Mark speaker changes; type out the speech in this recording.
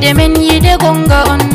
Speaker 1: Ide men yide gonga on